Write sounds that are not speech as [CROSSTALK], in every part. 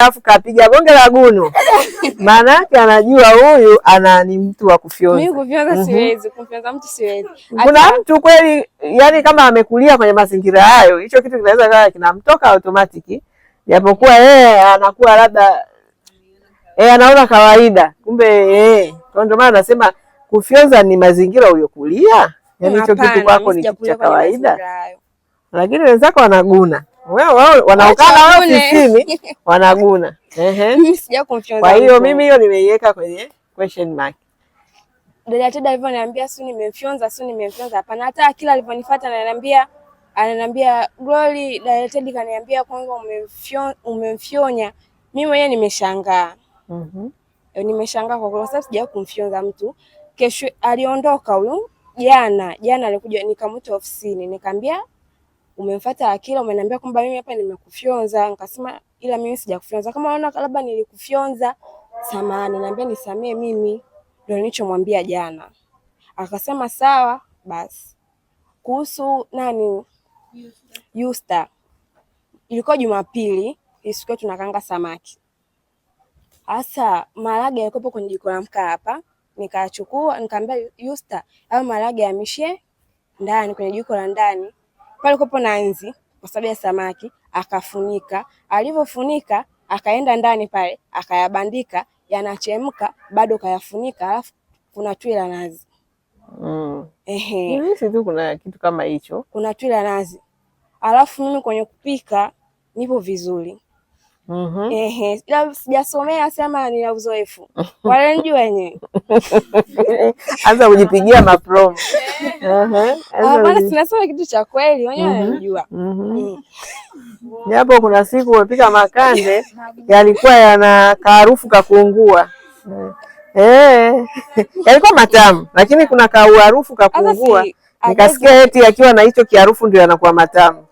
Alafu kapiga bonge la gunu, [LAUGHS] maana yake anajua huyu ana ni mtu wa kufyonza. Mimi kufyonza mhm. siwezi, kufyonza mtu siwezi. Kuna mtu kweli, yani kama amekulia kwenye mazingira hayo, hicho kitu kinaweza kawa kinamtoka automatic, japokuwa yeye anakuwa labda eh, anaona kawaida, kumbe eh. Kwa ndio maana nasema kufyonza ni mazingira uliokulia, yani hicho kitu kwako ni kitu cha kawaida, lakini wenzako wanaguna wewe wanaokana wao ofisini wanaguna. [LAUGHS] Ehe. Kwa hiyo mimi hiyo nimeiweka kwenye question mark. Dada Teda alivyoniambia si nimemfyonza, si nimemfyonza, hapana. Hata kila alivyonifuata ananiambia ananiambia Glory, Dada Teda kaniambia kwanza umemfyonya. umemfyonya. Mimi mwenyewe nimeshangaa, Mhm. mm Nimeshangaa kwa sababu sija kumfyonza mtu. Kesho aliondoka huyo jana, jana alikuja nikamuta ofisini nikamwambia umemfuata Akila umeniambia kwamba mimi hapa nimekufyonza. Nikasema ila mimi sijakufyonza, kama unaona labda nilikufyonza samahani, naambia nisamee, mimi ndio nilichomwambia jana. Akasema sawa basi. Kuhusu nani Yusta, ilikuwa Jumapili isikuwa tunakanga samaki hasa, maharage yalikuwepo kwenye jiko la mkaa hapa, nikachukua nikamwambia Yusta au maharage yamishie ndani kwenye jiko la ndani pale kupo na nzi kwa sababu ya samaki, akafunika. Alivyofunika akaenda ndani pale akayabandika, yanachemka bado kayafunika, alafu kuna tui la nazi mm. Ehe, tu kuna kitu kama hicho, kuna tui la nazi. Alafu mimi kwenye kupika nipo vizuri Mm -hmm. Ehe, sijasomea sema nina uzoefu [LAUGHS] wananijua wenyewe anza kujipigia mapromo ah, sinasema kitu cha kweli wenyewe mm-hmm. wananijua. Japo mm-hmm. mm. kuna siku umepika makande yalikuwa yana kaarufu kakuungua eh, eh. yalikuwa matamu, lakini kuna kauharufu kakuungua, nikasikia eti akiwa na hicho kiharufu ndio yanakuwa matamu.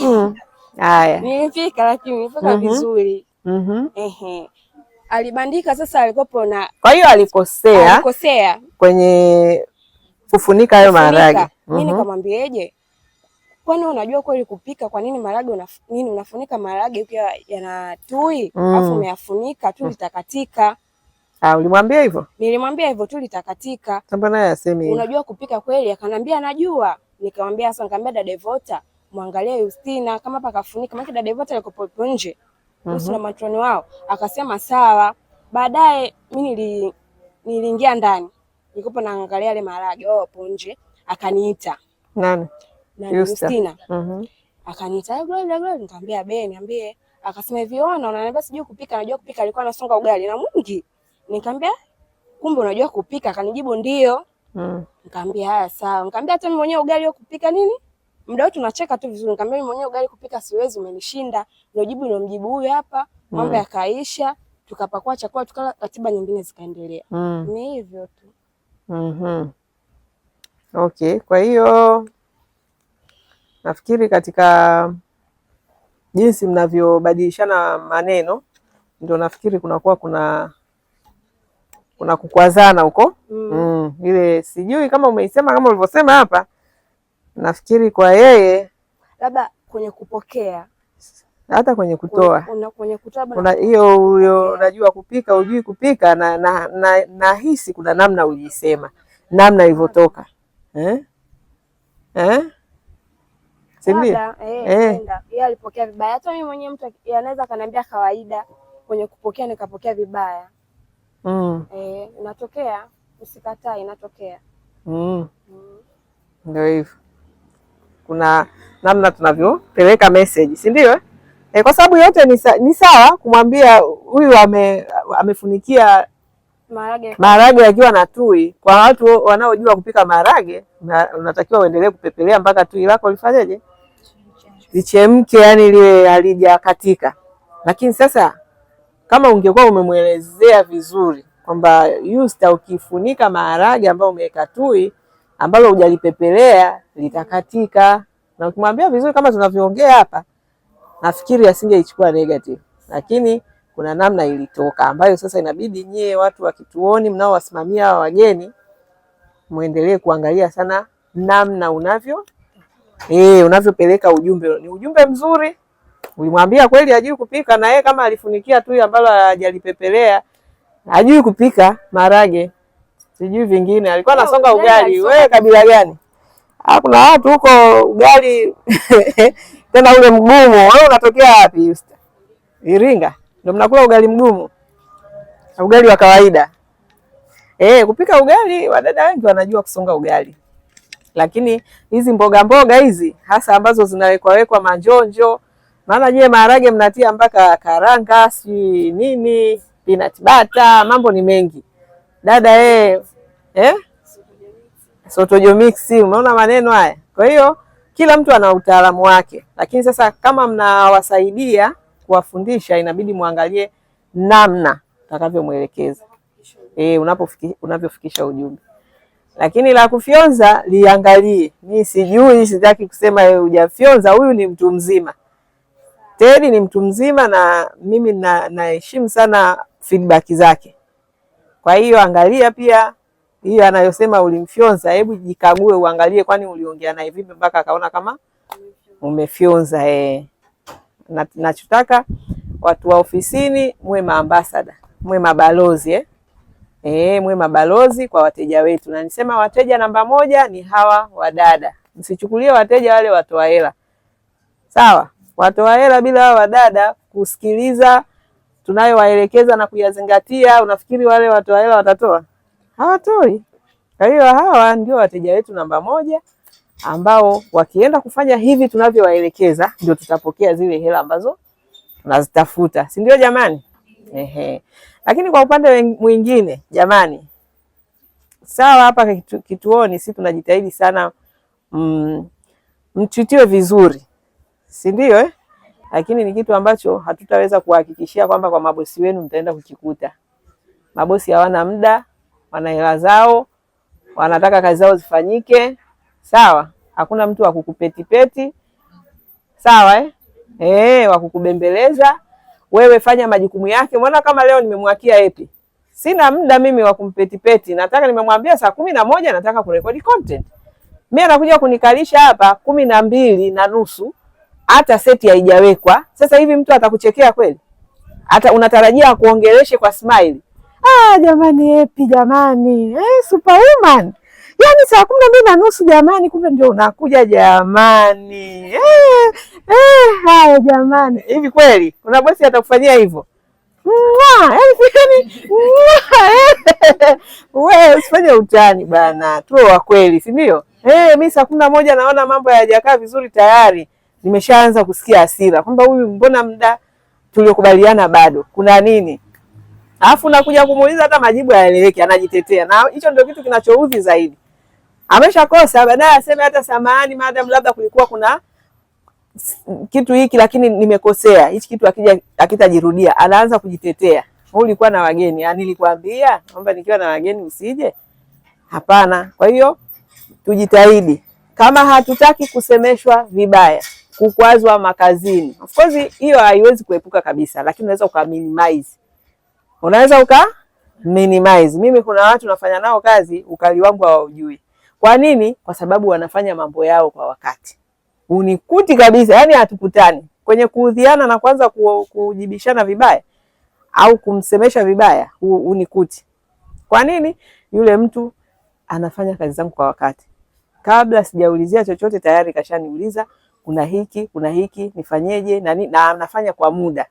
Mm. Haya, nilifika lakini nilifika mhm. vizuri. mm -hmm. Ehe, alibandika sasa, alikopo na kwa hiyo alikosea, alikosea kwenye kufunika hayo maharage. Mimi mhm. nikamwambieje, kwani unajua kweli kupika? Kwa nini maharage unaf, nini unafunika maharage ukiwa yanatui mm. afu umeyafunika tu litakatika. Ah, ulimwambia hivyo? Nilimwambia hivyo tu litakatika. Mbona naye asemi? Unajua kupika kweli? Akanambia najua. Nikamwambia sasa, nikamwambia dada Devota mwangalia Yustina kama hapa kafunika, maana dada Devota alikopo nje kuhusu mhm. na matroni wao, akasema sawa. Baadaye mimi nili niliingia ndani, nilikuwa naangalia yale maharage oh, hapo nje, akaniita nani na Yustina mhm, akaniita Gloria, eh, Gloria, nikamwambia be, niambie. Akasema hivi, ona, unaniambia sijui kupika. Najua kupika, alikuwa anasonga ugali na mwingi. Nikamwambia kumbe unajua kupika? Akanijibu ndio. Mm. Nikamwambia haya sawa, nikamwambia hata mimi mwenyewe ugali wa kupika nini muda wote tunacheka tu vizuri, nikamwambia mimi mwenyewe ugali kupika siwezi, umenishinda. Ndio jibu ndio mjibu huyu hapa, mambo mm. yakaisha, tukapakua chakula tukala, ratiba nyingine zikaendelea. mm. ni hivyo tu. mm Okay, kwa hiyo nafikiri katika jinsi mnavyobadilishana maneno ndio nafikiri kunakuwa kuna kuna kukwazana huko. mm. Mm. Ile sijui kama umeisema kama ulivyosema hapa nafikiri kwa yeye labda kwenye kupokea hata kwenye kutoa hiyo huyo, unajua kupika, ujui kupika na na nahisi na kuna namna ulisema namna ilivyotoka eh? Eh? Sindio? Eh, eh. yeye alipokea vibaya. Hata mimi mwenyewe mtu anaweza kaniambia kawaida, kwenye kupokea nikapokea vibaya mm. Eh, inatokea, usikatae, inatokea mm. Mm. Ndio hivyo kuna namna tunavyopeleka message, si ndio? E, kwa sababu yote ni, sa, ni sawa kumwambia huyu ame, amefunikia maharage yakiwa na tui. Kwa watu wanaojua kupika maharage, unatakiwa uendelee kupepelea mpaka tui lako lifanyeje, lichemke, yani lile halijakatika. Lakini sasa kama ungekuwa umemwelezea vizuri kwamba yusta, ukifunika maharage ambayo umeweka tui ambalo hujalipepelea litakatika. Na ukimwambia vizuri kama tunavyoongea hapa, nafikiri asingeichukua negative, lakini kuna namna ilitoka ambayo sasa inabidi nyie watu wa kituoni mnaowasimamia hawa wageni muendelee kuangalia sana namna unavyo eh, unavyopeleka ujumbe. Ni ujumbe mzuri, ulimwambia kweli ajui kupika, na yeye kama alifunikia tu ambalo hajalipepelea, ajui kupika marage sijui vingine, alikuwa anasonga ugali. Wewe kabila gani? Ah, kuna watu huko ugali [LAUGHS] tena ule mgumu. Wewe unatokea wapi? usta? Iringa ndio mnakula ugali mgumu, ugali wa kawaida eh? Kupika ugali, wadada wengi wanajua kusonga ugali, lakini hizi mboga mboga hizi hasa ambazo zinawekwa wekwa manjonjo, maana nyie maharage mnatia mpaka karanga, si nini, peanut butter, mambo ni mengi dada yeye eh? eh? Sotojo umeona maneno haya. Kwa hiyo kila mtu ana utaalamu wake, lakini sasa kama mnawasaidia kuwafundisha, inabidi muangalie namna utakavyomwelekeza e, eh, unapofiki, unavyofikisha ujumbe. Lakini la kufyonza liangalie, mi sijui, sitaki kusema eh, hujafyonza. Huyu ni mtu mzima, Teddy ni mtu mzima, na mimi naheshimu na sana feedback zake kwa hiyo angalia pia hiyo anayosema ulimfyonza, hebu jikague uangalie, kwani uliongea naye vipi mpaka akaona kama umefyonza eh. Na nachotaka watu wa ofisini muwe maambasada, muwe mabalozi eh. Eh, mwe mabalozi kwa wateja wetu, na nisema wateja namba moja ni hawa wadada. Msichukulie wateja wale watoa hela, sawa? Watoa hela bila hawa wadada kusikiliza tunayowaelekeza na kuyazingatia, unafikiri wale watoa hela watatoa? Hawatoi. Kwa hiyo hawa ndio wateja wetu namba moja ambao wakienda kufanya hivi tunavyowaelekeza, ndio tutapokea zile hela ambazo tunazitafuta, si ndio jamani? Ehe. Lakini kwa upande mwingine jamani, sawa, hapa kitu, kituoni si tunajitahidi sana mm, mtwitiwe vizuri, si ndio eh? lakini ni kitu ambacho hatutaweza kuhakikishia kwamba kwa mabosi wenu mtaenda kukikuta. Mabosi hawana muda, wana hela zao, wanataka kazi zao zifanyike. Sawa, hakuna mtu wa kukupetipeti sawa, eh? Eh, wa kukubembeleza wewe, fanya majukumu yake. Mbona kama leo nimemwakia epi, sina muda mimi wa kumpetipeti. Nataka nimemwambia saa kumi na moja nataka kurekodi content, mimi anakuja kunikalisha hapa kumi na mbili na nusu hata seti haijawekwa. Sasa hivi mtu atakuchekea kweli? Hata unatarajia akuongeleshe kwa smile? Ah, jamani epi, jamani eh, superwoman Yaani saa kumi na mbili na nusu jamani, kumbe ndio unakuja jamani. Eh, eh, haya jamani, hivi kweli kuna bosi atakufanyia hivyo? Yaani [LAUGHS] eh. We usifanye utani bana, tuwe wa kweli, si ndio? Eh, mi saa kumi na moja naona mambo hayajakaa vizuri tayari nimeshaanza kusikia hasira kwamba huyu, mbona muda tuliokubaliana bado kuna nini? Alafu nakuja kumuuliza hata majibu hayaeleweki, anajitetea, na hicho ndio kitu kinachouzi zaidi. Ameshakosa, baadaye aseme hata samahani, madam, labda kulikuwa kuna kitu hiki, lakini nimekosea, hichi kitu akija akitajirudia. Anaanza kujitetea, wewe ulikuwa na wageni, yani ah, nilikwambia kwamba nikiwa na wageni usije. Hapana. Kwa hiyo tujitahidi, kama hatutaki kusemeshwa vibaya kukwazwa makazini. Of course hiyo haiwezi kuepuka kabisa, lakini unaweza uka minimize. Unaweza uka minimize. Mimi kuna watu nafanya nao kazi ukali wangu hawaujui. Kwa nini? Kwa sababu wanafanya mambo yao kwa wakati. Unikuti kabisa, yani hatukutani kwenye kuudhiana na kwanza kujibishana vibaya au kumsemesha vibaya, unikuti. Kwa nini? Yule mtu anafanya kazi zangu kwa wakati. Kabla sijaulizia chochote tayari kashaniuliza kuna hiki kuna hiki nifanyeje na, na nafanya kwa muda.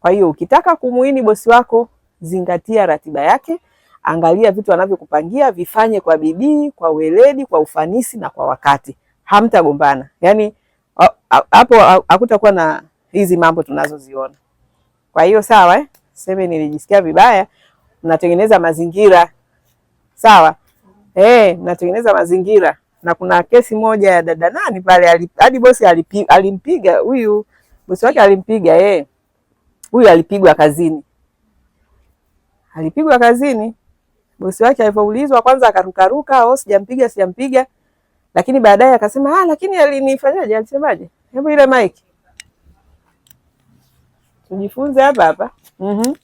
Kwa hiyo ukitaka kumuini bosi wako, zingatia ratiba yake, angalia vitu anavyokupangia vifanye kwa bidii, kwa weledi, kwa ufanisi na kwa wakati. Hamtagombana yani hapo, hakutakuwa na hizi mambo tunazoziona. Kwa hiyo sawa, eh? Seme nilijisikia vibaya, mnatengeneza mazingira sawa, eh, mnatengeneza mazingira na kuna kesi moja ya dada nani pale, hadi bosi alimpiga huyu, bosi wake alimpiga ye, huyu alipigwa kazini, alipigwa kazini. Bosi wake alipoulizwa, kwanza akarukaruka, oh, sijampiga sijampiga, lakini baadaye akasema ah, lakini alinifanyaje? Alisemaje? Hebu ile mic tujifunze hapa hapa. Mhm,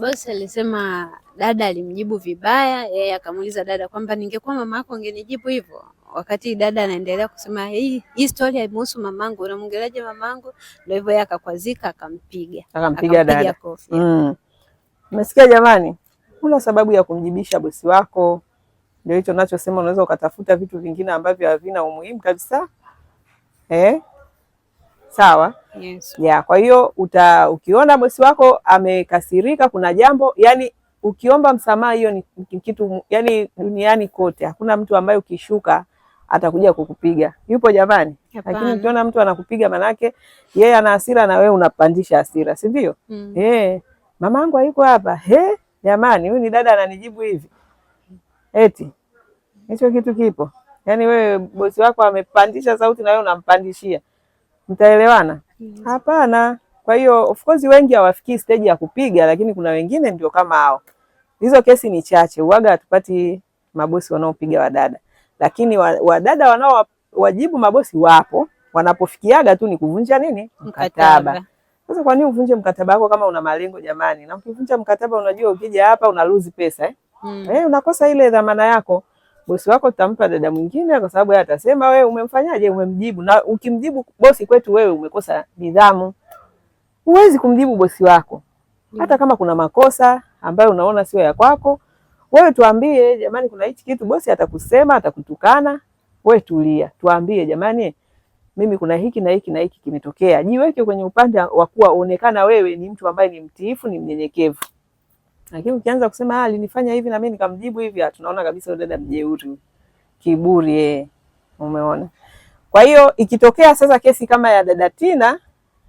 bosi alisema Dada alimjibu vibaya, yeye akamuuliza dada kwamba ningekuwa mama yako ungenijibu hivyo, wakati dada anaendelea kusema hii hii story haimhusu mamangu, unamwongeleaje mamangu? Ndio hivyo, yeye akakwazika, akampiga akampiga dada kofi. Mm. Umesikia jamani, kuna sababu ya kumjibisha bosi wako. Ndio hicho nachosema, unaweza ukatafuta vitu vingine ambavyo havina umuhimu kabisa eh? Sawa yes. Ya, kwa hiyo uta ukiona bosi wako amekasirika, kuna jambo yani Ukiomba msamaha, hiyo ni kitu yani, duniani kote hakuna mtu ambaye ukishuka atakuja kukupiga. Yupo jamani? Lakini ukiona mtu anakupiga, manake yeye ana hasira na wewe unapandisha hasira, si ndio? mm. Eh, mamangu hayuko hapa. He, jamani, huyu ni dada ananijibu hivi, eti hicho kitu kipo? yani wewe bosi wako amepandisha sauti na wewe unampandishia, mtaelewana? Hapana. mm. Kwa hiyo of course wengi hawafikii stage ya kupiga, lakini kuna wengine ndio kama hao. Hizo kesi ni chache, uwaga hatupati mabosi wanaopiga wadada, lakini wadada wa wanao wajibu mabosi wapo, wanapofikiaga tu ni kuvunja nini mkataba. Sasa kwa nini uvunje mkataba wako kama una malengo jamani? Na ukivunja mkataba, unajua ukija hapa una lose pesa eh? Hmm. Eh, unakosa ile dhamana yako. Bosi wako tutampa dada mwingine, kwa sababu yeye atasema wewe umemfanyaje, umemjibu. Na ukimjibu bosi kwetu, wewe umekosa nidhamu. Huwezi kumjibu bosi wako mm. hata kama kuna makosa ambayo unaona sio ya kwako. Wewe tuambie, jamani, kuna hichi kitu. Bosi atakusema, atakutukana, we tulia, tuambie, jamani, mimi kuna hiki na hiki na hiki kimetokea. Jiweke kwenye upande wa kuwa onekana wewe ni mtu ambaye ni mtiifu, ni mnyenyekevu. Lakini ukianza kusema ah, alinifanya hivi na mimi nikamjibu hivi, ah, tunaona kabisa dada mjeuri, kiburi. Eh. Umeona? Kwa hiyo ikitokea sasa kesi kama ya dada Tina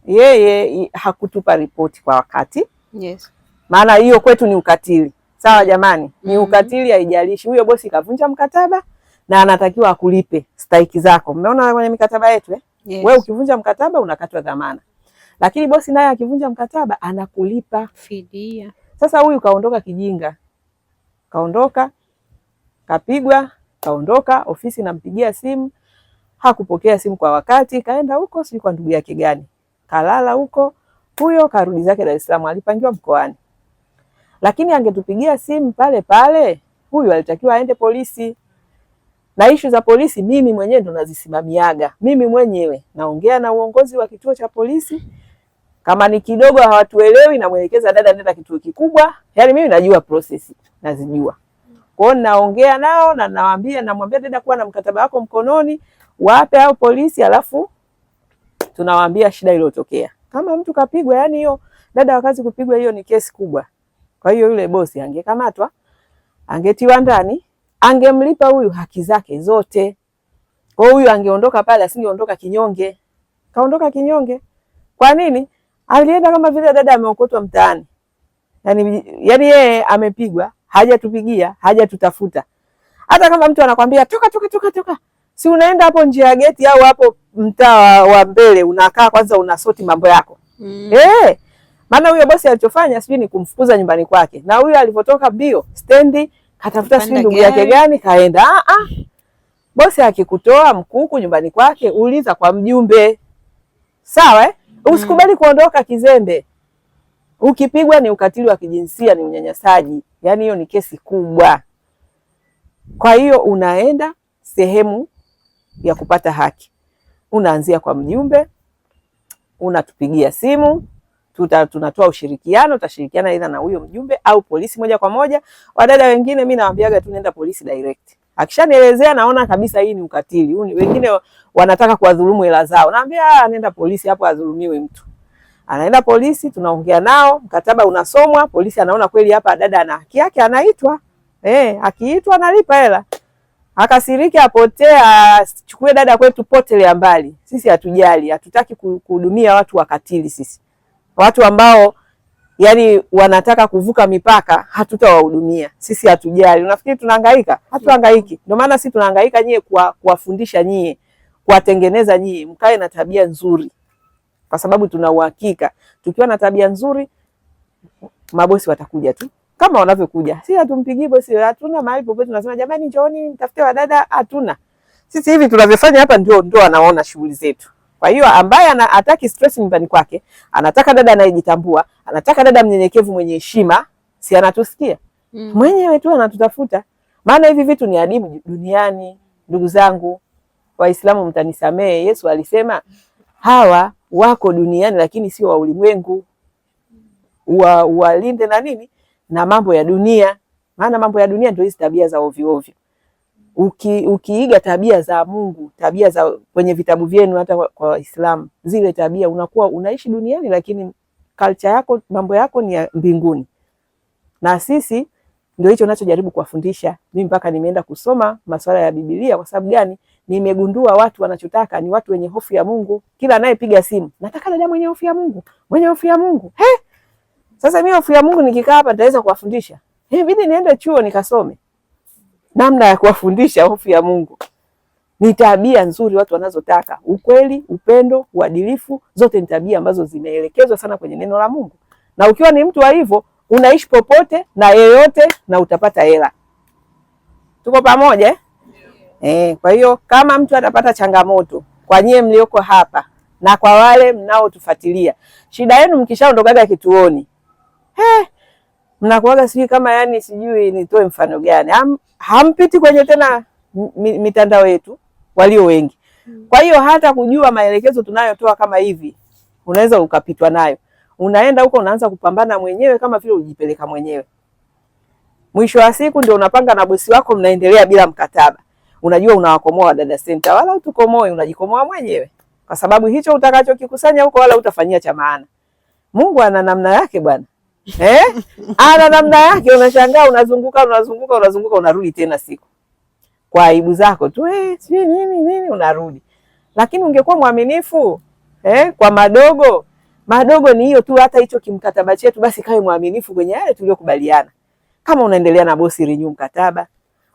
yeye hakutupa ripoti kwa wakati yes. Maana hiyo kwetu ni ukatili. Sawa jamani, mm -hmm. Ni mm-hmm. ukatili, haijalishi huyo bosi kavunja mkataba na anatakiwa akulipe stahiki zako. Mmeona kwenye mikataba yetu eh? Yes. Wewe ukivunja mkataba unakatwa dhamana, lakini bosi naye akivunja mkataba anakulipa fidia. Sasa huyu kaondoka kijinga, kaondoka kapigwa, kaondoka ofisi, nampigia simu hakupokea simu kwa wakati, kaenda huko sijui kwa ndugu yake gani kalala huko, huyo karudi zake Dar es Salaam, alipangiwa mkoani. Lakini angetupigia simu pale pale, huyu alitakiwa aende polisi. Na ishu za polisi mimi mwenyewe ndo nazisimamiaga mimi mwenyewe, naongea na uongozi wa kituo cha polisi kama ni kidogo hawatuelewi, namwelekeza dada, nenda kituo kikubwa. Yani mimi najua prosesi, nazijua. Kwa hiyo naongea nao na nawaambia, namwambia dada, kuwa na mkataba wako mkononi, wape hao polisi, alafu tunawaambia shida iliyotokea. Kama mtu kapigwa, yani hiyo dada wa kazi kupigwa, hiyo ni kesi kubwa. Kwa hiyo yule bosi angekamatwa, angetiwa ndani, angemlipa huyu haki zake zote. Kwa huyu angeondoka pale, asingeondoka kinyonge. Kaondoka kinyonge. Kwa nini? Alienda kama vile dada ameokotwa mtaani. Yani, yani yeye amepigwa, hajatupigia, hajatutafuta. Hata kama mtu anakwambia toka toka toka toka si unaenda hapo njia ya geti au hapo mtaa wa mbele unakaa kwanza unasoti mambo yako mm. Eh, maana huyo bosi alichofanya sijui ni kumfukuza nyumbani kwake, na huyo alivyotoka bio stendi katafuta sijui ndugu yake gani kaenda. Ah, ah. Bosi akikutoa mkuku nyumbani kwake uliza kwa mjumbe, sawa eh? mm. Usikubali kuondoka kizembe. Ukipigwa ni ukatili wa kijinsia, ni unyanyasaji, yaani hiyo ni kesi kubwa. Kwa hiyo unaenda sehemu ya kupata haki. Unaanzia kwa mjumbe, unatupigia simu tuta, tunatoa ushirikiano, utashirikiana aidha na huyo mjumbe au polisi moja kwa moja. Wadada wengine mimi nawaambiaga tu nenda polisi direct. Akishanielezea naona kabisa hii ni ukatili. Huni, Wengine wanataka kuwadhulumu hela zao, naambia ah, nenda polisi, hapo adhulumiwe mtu anaenda polisi, tunaongea nao, mkataba unasomwa, polisi anaona kweli hapa dada ana haki yake, anaitwa eh, akiitwa analipa hela akasiriki apotea, chukue dada kwetu potele ya mbali. Sisi hatujali, hatutaki kuhudumia watu wakatili. Sisi watu ambao yani wanataka kuvuka mipaka hatutawahudumia. Sisi hatujali. Unafikiri tunahangaika? Hatuhangaiki. Ndio maana sisi tunahangaika nyie kuwafundisha nyie, kuwatengeneza nyie mkae na tabia nzuri, kwa sababu tuna uhakika tukiwa na tabia nzuri mabosi watakuja tu kama wanavyokuja. Si hatumpigii bosi, hatuna mahali popote tunasema jamani, njooni mtafute wadada, hatuna. Sisi hivi tunavyofanya hapa ndio ndio anaona shughuli zetu. Kwa hiyo ambaye anataka stress nyumbani kwake, anataka dada anayejitambua, anataka dada mnyenyekevu mwenye heshima, si anatusikia. Mm. Mwenyewe tu anatutafuta. Maana hivi vitu ni adibu duniani, ndugu zangu. Waislamu mtanisamee, Yesu alisema hawa wako duniani lakini sio wa ulimwengu. Wa walinde na nini? na mambo ya dunia, maana mambo ya dunia ndio hizi tabia za ovyo ovyo. Uki, ukiiga tabia za Mungu, tabia za kwenye vitabu vyenu, hata kwa Waislamu, zile tabia unakuwa unaishi duniani, lakini culture yako, mambo yako ni ya mbinguni. Na sisi ndio hicho ninachojaribu kuwafundisha. Mimi mpaka nimeenda kusoma masuala ya Biblia. Kwa sababu gani? Nimegundua watu wanachotaka ni watu wenye hofu ya Mungu. Kila anayepiga simu, nataka dada mwenye hofu ya Mungu, mwenye hofu ya Mungu. He, sasa mimi hofu ya Mungu nikikaa hapa nitaweza kuwafundisha? Inabidi niende chuo nikasome namna ya kuwafundisha hofu ya Mungu. Ni tabia nzuri watu wanazotaka. Ukweli, upendo, uadilifu, zote ni tabia ambazo zimeelekezwa sana kwenye neno la Mungu. Na ukiwa ni mtu wa hivyo, unaishi popote na yeyote na utapata hela. Tuko pamoja eh? Eh, kwa hiyo kama mtu atapata changamoto kwa nyie mlioko hapa na kwa wale mnaotufuatilia, shida yenu mkishaondokaga kituoni He, eh, mnakuaga sijui kama yani sijui nitoe mfano gani. Ham, hampiti kwenye tena mitandao yetu walio wengi. Mm. Kwa hiyo hata kujua maelekezo tunayotoa kama hivi unaweza ukapitwa nayo. Unaenda huko unaanza kupambana mwenyewe kama vile ujipeleka mwenyewe. Mwisho wa siku ndio unapanga na bosi wako mnaendelea bila mkataba. Unajua unawakomoa Wadada Center wala utukomoe, unajikomoa mwenyewe. Kwa sababu hicho utakachokikusanya huko wala utafanyia cha maana. Mungu ana namna yake bwana eh? ana ah, namna yake, unashangaa unazunguka unazunguka unazunguka, unarudi tena siku kwa aibu zako tu eh, sijui nini nini, unarudi. Lakini ungekuwa mwaminifu eh, kwa madogo madogo, ni hiyo tu, hata hicho kimkataba chetu, basi kawe mwaminifu kwenye yale tuliyokubaliana. Kama unaendelea na bosi, renew mkataba.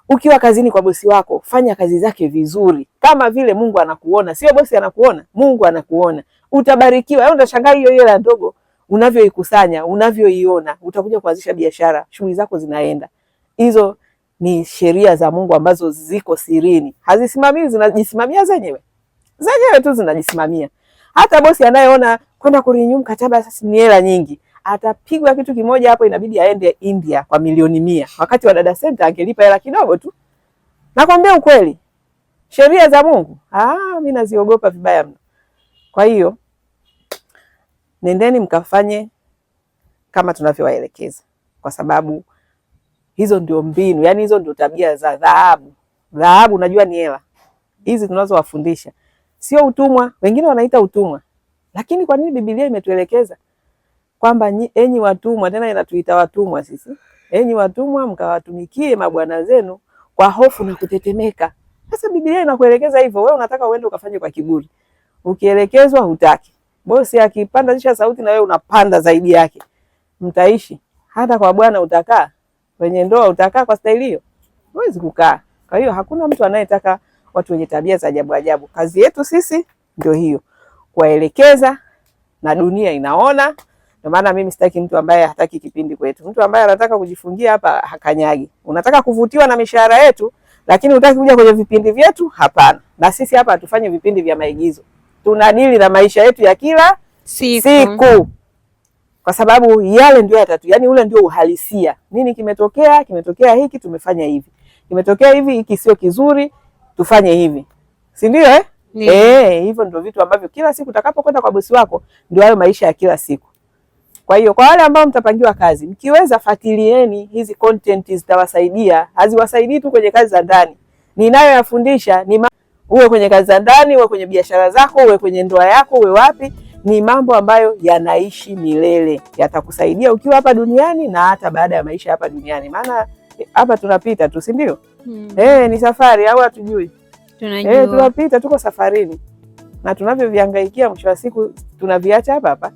Ukiwa kazini kwa bosi wako, fanya kazi zake vizuri, kama vile Mungu anakuona, sio bosi anakuona, Mungu anakuona. Utabarikiwa. Unashangaa hiyo hiyo la ndogo unavyoikusanya, unavyoiona, utakuja kuanzisha biashara, shughuli zako zinaenda. Hizo ni sheria za Mungu ambazo ziko sirini, hazisimamii, zinajisimamia zenyewe, zenyewe tu zinajisimamia. Hata bosi anayeona kwenda kurinyu mkataba sasa ni hela nyingi, atapigwa kitu kimoja hapo, inabidi aende India kwa milioni mia, wakati wa dada senta angelipa hela kidogo tu. Nakwambia ukweli, sheria za Mungu ah, mimi naziogopa vibaya mno. Kwa hiyo nendeni mkafanye kama tunavyowaelekeza, kwa sababu hizo ndio mbinu, yani hizo ndio tabia za dhahabu. Dhahabu unajua ni hela hizi tunazowafundisha, sio utumwa. Wengine wanaita utumwa, lakini kwa nini Biblia imetuelekeza kwamba enyi watumwa, tena inatuita watumwa sisi, enyi watumwa mkawatumikie mabwana zenu kwa hofu na kutetemeka. Sasa Biblia inakuelekeza hivyo, wewe unataka uende ukafanye kwa kiburi, ukielekezwa hutaki. Bosi akipandisha sauti na wewe unapanda zaidi yake, mtaishi? Hata kwa bwana utakaa, kwenye ndoa utakaa kwa staili hiyo? Huwezi kukaa. Kwa hiyo hakuna mtu anayetaka watu wenye tabia za ajabu ajabu. Kazi yetu sisi ndio hiyo, kuwaelekeza na dunia inaona. Ndio maana mimi sitaki mtu ambaye hataki kipindi kwetu. Mtu ambaye anataka kujifungia hapa hakanyagi. Unataka kuvutiwa na mishahara yetu, lakini unataka kuja kwenye vipindi vyetu? Hapana. Na sisi hapa hatufanye vipindi vya maigizo tunadili na maisha yetu ya kila siku, siku. Kwa sababu yale ndio yatatu, yani ule ndio uhalisia. Nini kimetokea? Kimetokea hiki, tumefanya hivi. Kimetokea hivi, hiki sio kizuri, tufanye hivi, si ndio eh? Eh, hivyo ndio vitu ambavyo kila siku utakapokwenda kwa bosi wako ndio hayo maisha ya kila siku. Kwa hiyo kwa wale ambao mtapangiwa kazi, mkiweza fatilieni hizi content zitawasaidia, haziwasaidii tu kwenye kazi za ndani. Ninayoyafundisha ni ma uwe kwenye kazi za ndani, uwe kwenye biashara zako, uwe kwenye ndoa yako, uwe wapi, ni mambo ambayo yanaishi milele, yatakusaidia ukiwa hapa duniani na hata baada ya maisha hapa duniani, maana hapa tunapita tu, si ndio? Hmm. E, ni safari au hatujui? E, tunapita, tuko safarini na tunavyoviangaikia, mwisho wa siku tunaviacha hapa hapa.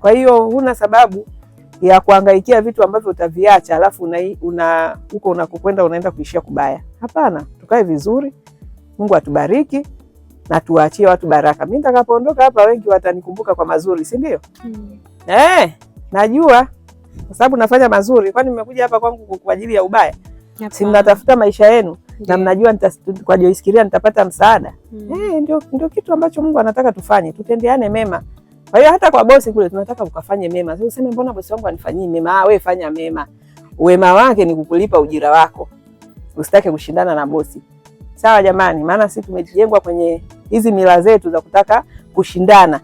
Kwa hiyo huna sababu ya kuangaikia vitu ambavyo utaviacha, alafu una unakokwenda unaenda kuishia kubaya. Hapana, tukae vizuri. Mungu atubariki na tuwaachie watu baraka. Mimi nitakapoondoka hapa, wengi watanikumbuka kwa mazuri, si ndio? Mm. Eh, najua kwa sababu nafanya mazuri, kwani nimekuja hapa kwangu kwa ajili ya ubaya? Si mnatafuta maisha yenu yeah. na mnajua nita, kwa Joyce nitapata msaada mm. Eh, ndio, ndio kitu ambacho Mungu anataka tufanye, tutendeane mema. Kwa hiyo hata kwa bosi kule tunataka ukafanye mema, sio useme mbona bosi wangu anifanyii mema. Ah, wewe fanya mema, wema wake ni kukulipa ujira wako, usitake kushindana na bosi. Sawa jamani, maana sisi tumejengwa kwenye hizi mila zetu za kutaka kushindana.